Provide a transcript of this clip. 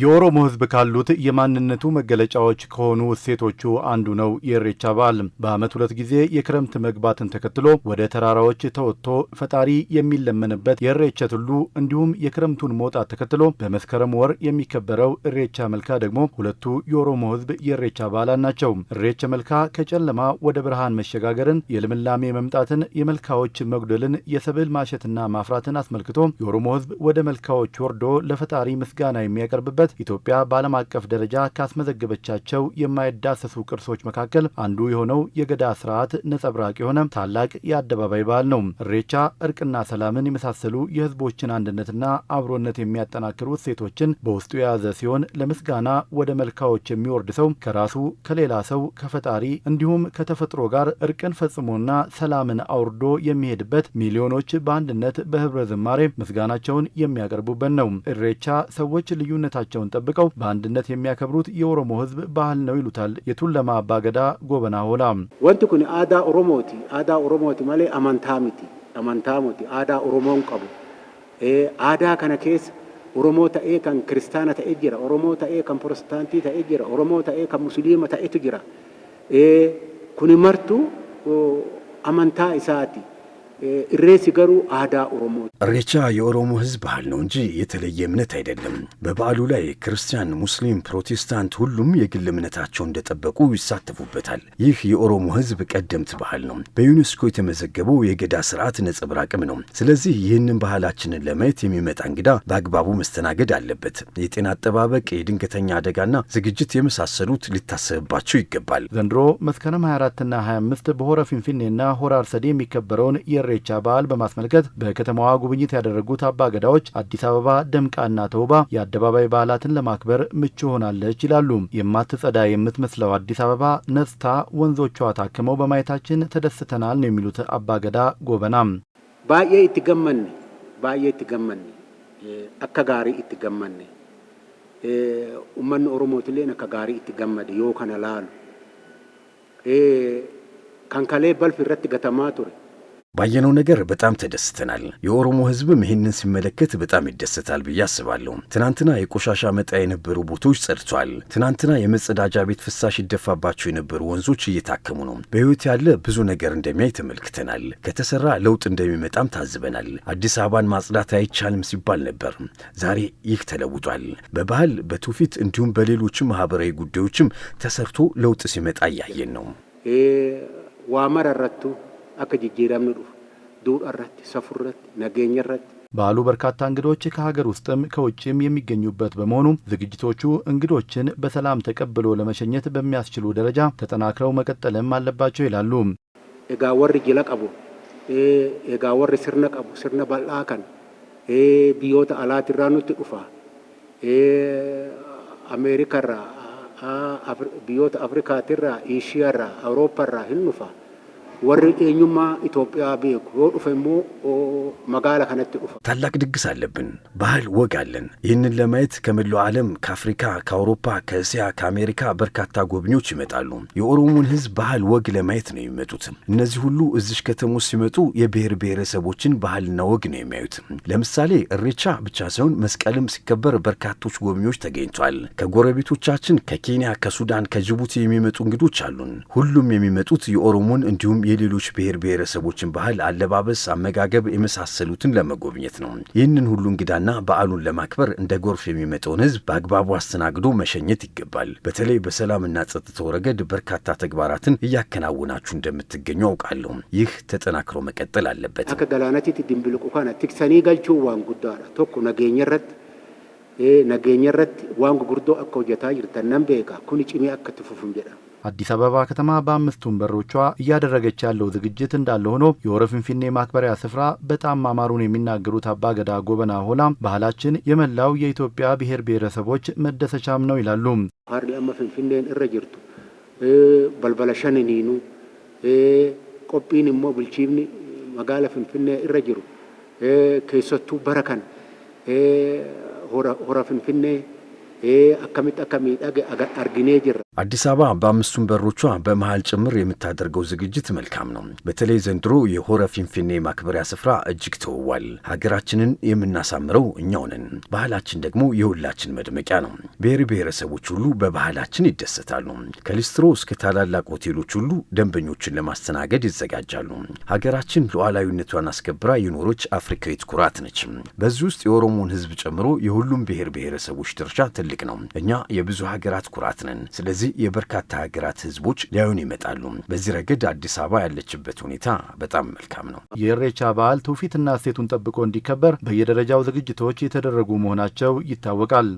የኦሮሞ ሕዝብ ካሉት የማንነቱ መገለጫዎች ከሆኑ እሴቶቹ አንዱ ነው የኢሬቻ በዓል። በዓመት ሁለት ጊዜ የክረምት መግባትን ተከትሎ ወደ ተራራዎች ተወጥቶ ፈጣሪ የሚለመንበት የኢሬቻ ቱሉ እንዲሁም የክረምቱን መውጣት ተከትሎ በመስከረም ወር የሚከበረው ኢሬቻ መልካ ደግሞ ሁለቱ የኦሮሞ ሕዝብ የኢሬቻ በዓላት ናቸው። ኢሬቻ መልካ ከጨለማ ወደ ብርሃን መሸጋገርን፣ የልምላሜ መምጣትን፣ የመልካዎች መጉደልን፣ የሰብል ማሸትና ማፍራትን አስመልክቶ የኦሮሞ ሕዝብ ወደ መልካዎች ወርዶ ለፈጣሪ ምስጋና የሚያቀርብበት ዓመት ኢትዮጵያ በዓለም አቀፍ ደረጃ ካስመዘገበቻቸው የማይዳሰሱ ቅርሶች መካከል አንዱ የሆነው የገዳ ስርዓት ነጸብራቅ የሆነ ታላቅ የአደባባይ በዓል ነው። እሬቻ እርቅና ሰላምን የመሳሰሉ የህዝቦችን አንድነትና አብሮነት የሚያጠናክሩ እሴቶችን በውስጡ የያዘ ሲሆን ለምስጋና ወደ መልካዎች የሚወርድ ሰው ከራሱ ከሌላ ሰው ከፈጣሪ እንዲሁም ከተፈጥሮ ጋር እርቅን ፈጽሞና ሰላምን አውርዶ የሚሄድበት ሚሊዮኖች በአንድነት በህብረ ዝማሬ ምስጋናቸውን የሚያቀርቡበት ነው። እሬቻ ሰዎች ልዩነታቸው እሴታቸውን ጠብቀው በአንድነት የሚያከብሩት የኦሮሞ ህዝብ ባህል ነው ይሉታል የቱለማ አባገዳ ጎበና ሆላ። ወንቲ ኩን አዳ ኦሮሞቲ አዳ ኦሮሞቲ ማሌ አማንታሚቲ አማንታሞቲ አዳ ኦሮሞን ቀቡ አዳ ከነ ኬስ ኦሮሞ ተኤ ከን ክርስታና ተኤ ጅራ ኦሮሞ ተኤ ከን ፕሮቴስታንቲ ተኤ ጅራ ኦሮሞ ተኤ ከን ሙስሊማ ተኤቱ ጅራ ኩን መርቱ አማንታ ኢሳቲ እሬስ ገሩ አዳ ኦሮሞ እሬቻ የኦሮሞ ህዝብ ባህል ነው እንጂ የተለየ እምነት አይደለም። በበዓሉ ላይ ክርስቲያን፣ ሙስሊም፣ ፕሮቴስታንት ሁሉም የግል እምነታቸው እንደጠበቁ ይሳተፉበታል። ይህ የኦሮሞ ህዝብ ቀደምት ባህል ነው። በዩኔስኮ የተመዘገበው የገዳ ስርዓት ነጸብራቅም ነው። ስለዚህ ይህንን ባህላችንን ለማየት የሚመጣ እንግዳ በአግባቡ መስተናገድ አለበት። የጤና አጠባበቅ፣ የድንገተኛ አደጋና ዝግጅት የመሳሰሉት ሊታሰብባቸው ይገባል። ዘንድሮ መስከረም 24ና 25 በሆረ ፊንፊኔና ሆረ አርሰዴ የሚከበረውን የኢሬቻ በዓል በማስመልከት በከተማዋ ጉብኝት ያደረጉት አባ ገዳዎች አዲስ አበባ ደምቃና ተውባ የአደባባይ በዓላትን ለማክበር ምቹ ሆናለች ይላሉ። የማትጸዳ የምትመስለው አዲስ አበባ ነጽታ ወንዞቿ ታክመው በማየታችን ተደስተናል ነው የሚሉት አባገዳ ጎበናም ባዬ ይትገመን ባዬ ይትገመን አካ ጋሪ ይትገመን ኡመን ኦሮሞት አካ ጋሪ ይትገመድ ዮ ከነላሉ ከንከሌ በልፍ ረት ገተማ ቱሬ ባየነው ነገር በጣም ተደስተናል። የኦሮሞ ህዝብም ይህንን ሲመለከት በጣም ይደሰታል ብዬ አስባለሁ። ትናንትና የቆሻሻ መጣ የነበሩ ቦታዎች ጸድቷል። ትናንትና የመጸዳጃ ቤት ፍሳሽ ይደፋባቸው የነበሩ ወንዞች እየታከሙ ነው። በህይወት ያለ ብዙ ነገር እንደሚያይ ተመልክተናል። ከተሰራ ለውጥ እንደሚመጣም ታዝበናል። አዲስ አበባን ማጽዳት አይቻልም ሲባል ነበር። ዛሬ ይህ ተለውጧል። በባህል በትውፊት እንዲሁም በሌሎችም ማህበራዊ ጉዳዮችም ተሰርቶ ለውጥ ሲመጣ እያየን ነው። ዋመረረቱ akka jijjiiramni dhufu duudha irratti safu irratti nageenya irratti በዓሉ በርካታ እንግዶች ከሀገር ውስጥም ከውጭም የሚገኙበት በመሆኑ ዝግጅቶቹ እንግዶችን በሰላም ተቀብሎ ለመሸኘት በሚያስችሉ ደረጃ ተጠናክረው መቀጠልም አለባቸው ይላሉ። ኤጋ ወር ጅለ ቀቡ ኤጋ ወር ስርነ ቀቡ ስርነ በልአ ከን ቢዮተ አላት ራ ኑት ዱፋ አሜሪካ ራ ቢዮተ አፍሪካት ራ ኤሽያ ራ አውሮፓ ራ hin dhufa ወር ኤኙማ ኢትዮጵያ beeku yoo dhufe immoo magaala kanatti ታላቅ ድግስ አለብን። ባህል ወግ አለን። ይህንን ለማየት ከመላው ዓለም ከአፍሪካ፣ ከአውሮፓ፣ ከእስያ፣ ከአሜሪካ በርካታ ጎብኚዎች ይመጣሉ። የኦሮሞን ህዝብ ባህል ወግ ለማየት ነው የሚመጡት። እነዚህ ሁሉ እዚሽ ከተሞ ሲመጡ የብሔር ብሔረሰቦችን ባህልና ወግ ነው የሚያዩት። ለምሳሌ እሬቻ ብቻ ሳይሆን መስቀልም ሲከበር በርካቶች ጎብኚዎች ተገኝቷል። ከጎረቤቶቻችን ከኬንያ፣ ከሱዳን፣ ከጅቡቲ የሚመጡ እንግዶች አሉን። ሁሉም የሚመጡት የኦሮሞን እንዲሁም የሌሎች ብሔር ብሔረሰቦችን ባህል፣ አለባበስ፣ አመጋገብ የመሳሰሉትን ለመጎብኘት ነው። ይህንን ሁሉ እንግዳና በዓሉን ለማክበር እንደ ጎርፍ የሚመጣውን ህዝብ በአግባቡ አስተናግዶ መሸኘት ይገባል። በተለይ በሰላምና ጸጥታው ረገድ በርካታ ተግባራትን እያከናወናችሁ እንደምትገኙ አውቃለሁ። ይህ ተጠናክሮ መቀጠል አለበት። ከገላነቲት ድንብልቁ ካነ ትክሰኒ ገልቹ ዋን ጉዳ ቶኮ ነገኘረት ነገኘረት ዋን ጉጉርዶ አከ ሆጀታ ቤካ ኩን ጭሜ አከ ትፉፉን ጀዳ አዲስ አበባ ከተማ በአምስቱም በሮቿ እያደረገች ያለው ዝግጅት እንዳለ ሆኖ የሆረ ፊንፊኔ ማክበሪያ ስፍራ በጣም ማማሩን የሚናገሩት አባ ገዳ ጎበና ሆላ ባህላችን የመላው የኢትዮጵያ ብሔር ብሔረሰቦች መደሰቻም ነው ይላሉ። ፓርላማ ፊንፊኔን እረ ጅርቱ ቆጲን ሞ ብልቺብኒ መጋለ ፊንፊኔ እረጅሩ ጅሩ በረከን ሆረ ፊንፊኔ akkamitti akka miidhage arginee አዲስ አበባ በአምስቱም በሮቿ በመሃል ጭምር የምታደርገው ዝግጅት መልካም ነው። በተለይ ዘንድሮ የሆረ ፊንፊኔ ማክበሪያ ስፍራ እጅግ ተውቧል። ሀገራችንን የምናሳምረው እኛው ነን። ባህላችን ደግሞ የሁላችን መድመቂያ ነው። ብሔር ብሔረሰቦች ሁሉ በባህላችን ይደሰታሉ። ከሊስትሮ እስከ ታላላቅ ሆቴሎች ሁሉ ደንበኞችን ለማስተናገድ ይዘጋጃሉ። ሀገራችን ሉዓላዊነቷን አስከብራ የኖሮች አፍሪካዊት ኩራት ነች። በዚህ ውስጥ የኦሮሞን ሕዝብ ጨምሮ የሁሉም ብሔር ብሔረሰቦች ድርሻ ትልቅ ነው። እኛ የብዙ ሀገራት ኩራት ነን። ስለዚህ ስለዚህ የበርካታ ሀገራት ህዝቦች ሊያዩን ይመጣሉ። በዚህ ረገድ አዲስ አበባ ያለችበት ሁኔታ በጣም መልካም ነው። የኢሬቻ በዓል ትውፊትና እሴቱን ጠብቆ እንዲከበር በየደረጃው ዝግጅቶች የተደረጉ መሆናቸው ይታወቃል።